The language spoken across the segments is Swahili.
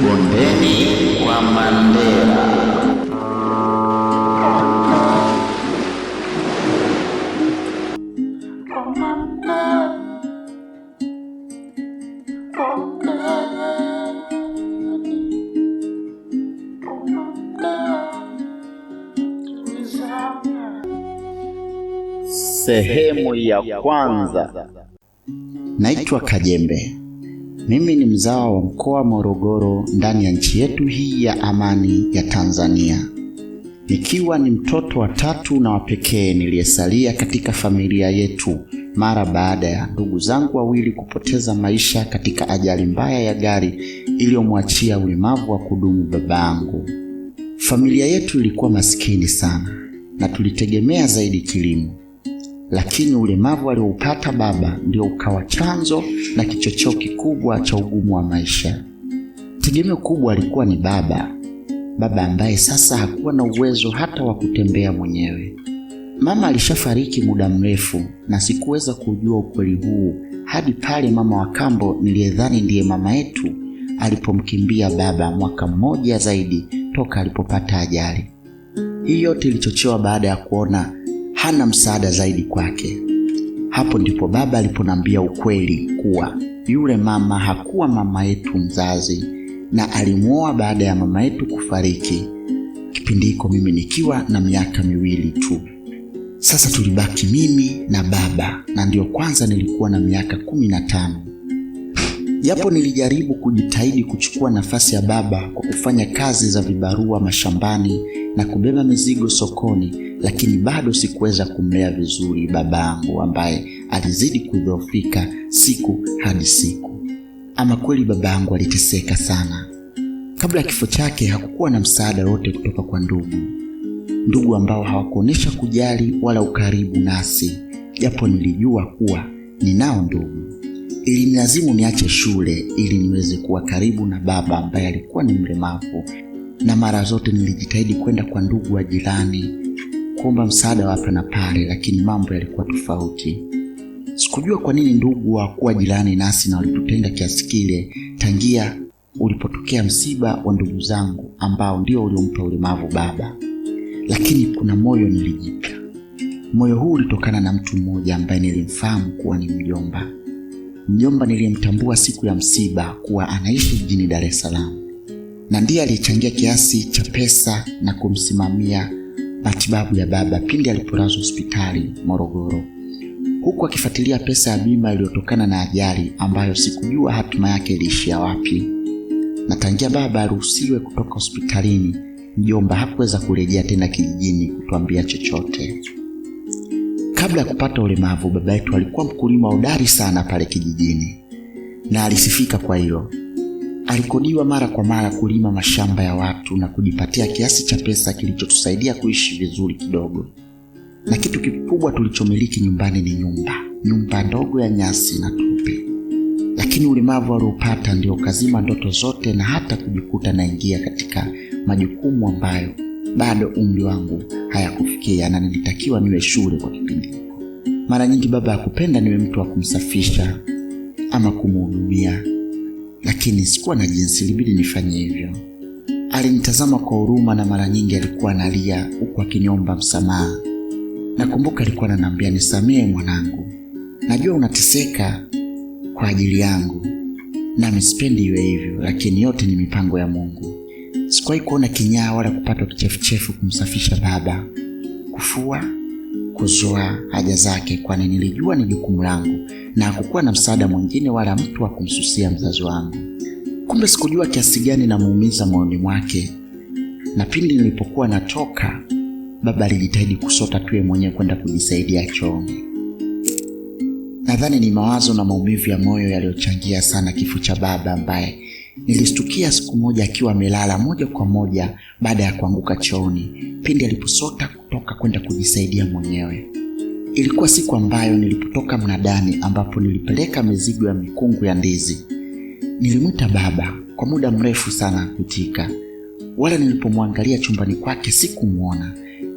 Bondeni kwa Mandela. Sehemu ya kwanza. Naitwa Kajembe. Mimi ni mzao wa mkoa Morogoro ndani ya nchi yetu hii ya amani ya Tanzania. Nikiwa ni mtoto wa tatu na wa pekee niliyesalia katika familia yetu mara baada ya ndugu zangu wawili kupoteza maisha katika ajali mbaya ya gari iliyomwachia ulemavu wa kudumu babangu. Familia yetu ilikuwa masikini sana na tulitegemea zaidi kilimo lakini ulemavu alioupata baba ndio ukawa chanzo na kichocheo kikubwa cha ugumu wa maisha. Tegemeo kubwa alikuwa ni baba, baba ambaye sasa hakuwa na uwezo hata wa kutembea mwenyewe. Mama alishafariki muda mrefu, na sikuweza kujua ukweli huu hadi pale mama wa kambo niliyedhani ndiye mama yetu alipomkimbia baba mwaka mmoja zaidi toka alipopata ajali. Hii yote ilichochewa baada ya kuona hana msaada zaidi kwake. Hapo ndipo baba aliponambia ukweli kuwa yule mama hakuwa mama yetu mzazi na alimwoa baada ya mama yetu kufariki, kipindi hiko mimi nikiwa na miaka miwili tu. Sasa tulibaki mimi na baba, na ndiyo kwanza nilikuwa na miaka kumi na tano. Japo nilijaribu kujitahidi kuchukua nafasi ya baba kwa kufanya kazi za vibarua mashambani na kubeba mizigo sokoni, lakini bado sikuweza kumlea vizuri yangu ambaye alizidi kudhoofika siku hadi siku. Ama kweli baba yangu aliteseka sana. Kabla ya kifo chake hakukuwa na msaada wote kutoka kwa ndugu, ndugu ambao hawakuonyesha kujali wala ukaribu nasi, japo nilijua kuwa ninao ndugu. Ilinilazimu niache shule ili niweze kuwa karibu na baba ambaye alikuwa ni mlemavu, na mara zote nilijitahidi kwenda kwa ndugu wa jirani kuomba msaada hapa na pale, lakini mambo yalikuwa tofauti. Sikujua kwa nini ndugu hawakuwa jirani nasi na walitutenga kiasi kile tangia ulipotokea msiba wa ndugu zangu ambao ndio uliompa ulemavu baba. Lakini kuna moyo nilijika. Moyo huu ulitokana na mtu mmoja ambaye nilimfahamu kuwa ni mjomba, mjomba niliyemtambua siku ya msiba kuwa anaishi jijini Dar es Salaam na ndiye aliyechangia kiasi cha pesa na kumsimamia matibabu ya baba pindi alipolazwa hospitali Morogoro, huku akifuatilia pesa ya bima iliyotokana na ajali ambayo sikujua hatima yake iliishia wapi. Na tangia baba aruhusiwe kutoka hospitalini, mjomba hakuweza kurejea tena kijijini kutuambia chochote. Kabla ya kupata ulemavu, baba yetu alikuwa mkulima hodari sana pale kijijini na alisifika kwa hilo. Alikodiwa mara kwa mara kulima mashamba ya watu na kujipatia kiasi cha pesa kilichotusaidia kuishi vizuri kidogo. Na kitu kikubwa tulichomiliki nyumbani ni nyumba, nyumba ndogo ya nyasi na tupe Lakini ulemavu aliopata ndio kazima ndoto zote na hata kujikuta naingia katika majukumu ambayo bado umri wangu hayakufikia na nilitakiwa niwe shule kwa kipindi hiko. Mara nyingi baba hakupenda niwe mtu wa kumsafisha ama kumhudumia lakini sikuwa na jinsi, libidi nifanye hivyo. Alinitazama kwa huruma na mara nyingi alikuwa analia huku akiniomba msamaha. Nakumbuka alikuwa ananiambia, nisamehe mwanangu, najua unateseka kwa ajili yangu, nami sipendi iwe hivyo, lakini yote ni mipango ya Mungu. Sikuwahi kuona kinyaa wala kupatwa kichefuchefu kumsafisha baba, kufua kuzoa haja zake, kwani nilijua ni jukumu langu na hakukuwa na msaada mwingine wala mtu wa kumsusia mzazi wangu. Kumbe sikujua kiasi gani namuumiza moyoni mwake, na pindi nilipokuwa natoka, baba alijitahidi kusota tuye mwenyewe kwenda kujisaidia chooni. Nadhani ni mawazo na maumivu ya moyo yaliyochangia sana kifo cha baba ambaye nilistukia siku moja akiwa amelala moja kwa moja baada ya kuanguka chooni pindi aliposota nilitoka kwenda kujisaidia mwenyewe. Ilikuwa siku ambayo nilipotoka mnadani ambapo nilipeleka mizigo ya mikungu ya ndizi. Nilimwita baba kwa muda mrefu sana kutika, wala nilipomwangalia chumbani kwake sikumwona.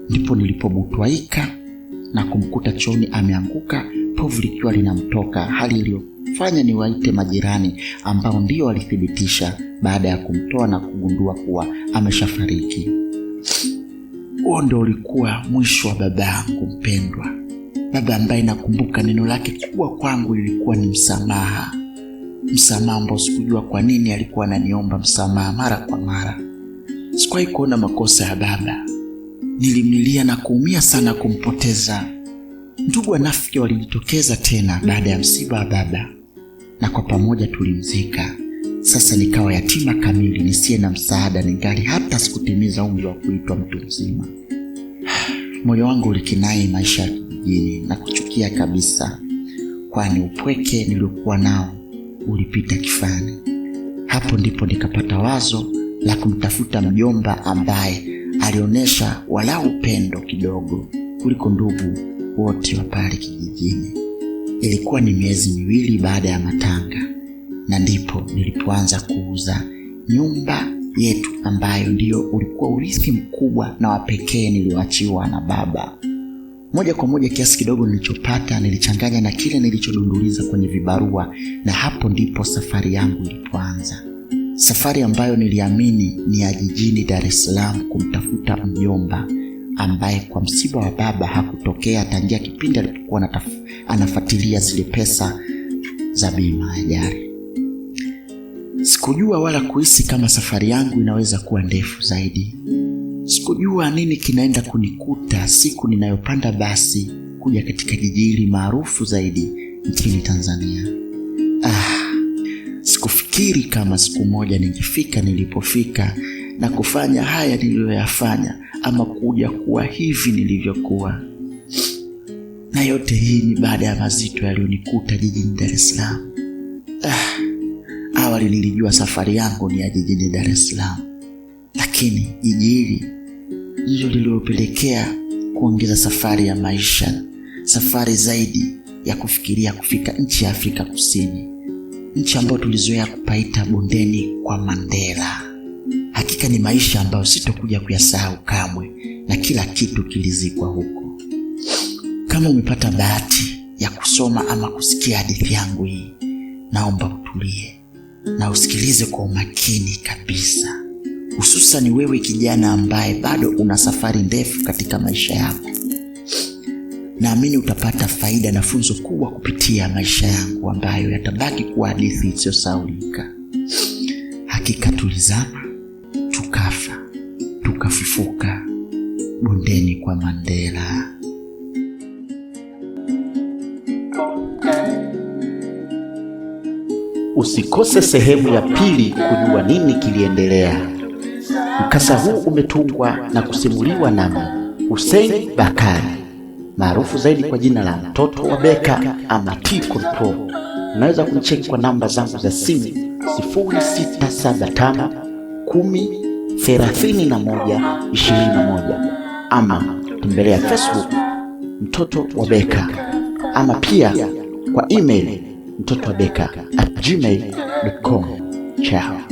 Ndipo nilipobutwaika na kumkuta choni ameanguka, povu likiwa linamtoka, hali iliyofanya niwaite majirani ambao ndio walithibitisha baada ya kumtoa na kugundua kuwa ameshafariki huo ndo ulikuwa mwisho wa baba yangu mpendwa, baba ambaye nakumbuka neno lake kubwa kwangu lilikuwa ni msamaha, msamaha ambao sikujua kwa nini alikuwa ananiomba msamaha mara kwa mara. Sikuwahi kuona makosa ya baba, nilimlilia na kuumia sana kumpoteza. Ndugu wanafiki walijitokeza tena baada ya msiba wa baba, na kwa pamoja tulimzika. Sasa nikawa yatima kamili nisiye na msaada, ningali hata sikutimiza umri wa kuitwa mtu mzima. Moyo wangu ulikinai maisha ya kijijini na kuchukia kabisa, kwani upweke niliokuwa nao ulipita kifani. Hapo ndipo nikapata wazo la kumtafuta mjomba ambaye alionyesha walau upendo kidogo kuliko ndugu wote wa pale kijijini. Ilikuwa ni miezi miwili baada ya matanga na ndipo nilipoanza kuuza nyumba yetu ambayo ndiyo ulikuwa urithi mkubwa na wapekee niliyoachiwa na baba. Moja kwa moja, kiasi kidogo nilichopata nilichanganya na kile nilichodunduliza kwenye vibarua, na hapo ndipo safari yangu ilipoanza, safari ambayo niliamini ni ya jijini Dar es Salaam kumtafuta mjomba ambaye kwa msiba wa baba hakutokea tangia kipindi alipokuwa anafuatilia zile pesa za bima ya Sikujua wala kuhisi kama safari yangu inaweza kuwa ndefu zaidi. Sikujua nini kinaenda kunikuta siku ninayopanda basi kuja katika jiji hili maarufu zaidi nchini Tanzania. Ah, sikufikiri kama siku moja ningefika nilipofika na kufanya haya niliyoyafanya, ama kuja kuwa hivi nilivyokuwa. Na yote hii ni baada ya mazito yaliyonikuta jijini Dar es Salaam. Ah, awali nilijua safari yangu ni ya jijini Dar es Salaam, lakini jiji hili ndilo lililopelekea kuongeza safari ya maisha, safari zaidi ya kufikiria kufika nchi ya Afrika Kusini, nchi ambayo tulizoea kupaita bondeni kwa Mandela. Hakika ni maisha ambayo sitokuja kuyasahau kamwe, na kila kitu kilizikwa huko. Kama umepata bahati ya kusoma ama kusikia hadithi yangu hii, naomba utulie na usikilize kwa umakini kabisa, hususan wewe kijana ambaye bado una safari ndefu katika maisha yako. Naamini utapata faida na funzo kubwa kupitia maisha yangu ambayo yatabaki kuwa hadithi isiyosahaulika. Hakika tulizama, tukafa, tukafufuka bondeni kwa Mandela. Usikose sehemu ya pili kujua nini kiliendelea. Mkasa huu umetungwa na kusimuliwa nami Hussein Bakari maarufu zaidi kwa jina la mtoto wa Beka ama T Control. Unaweza kunicheki kwa namba zangu za simu 0675 10 31 21 ama tembelea Facebook mtoto wa Beka ama pia kwa email mtoto wa beka at gmail.com. Chao.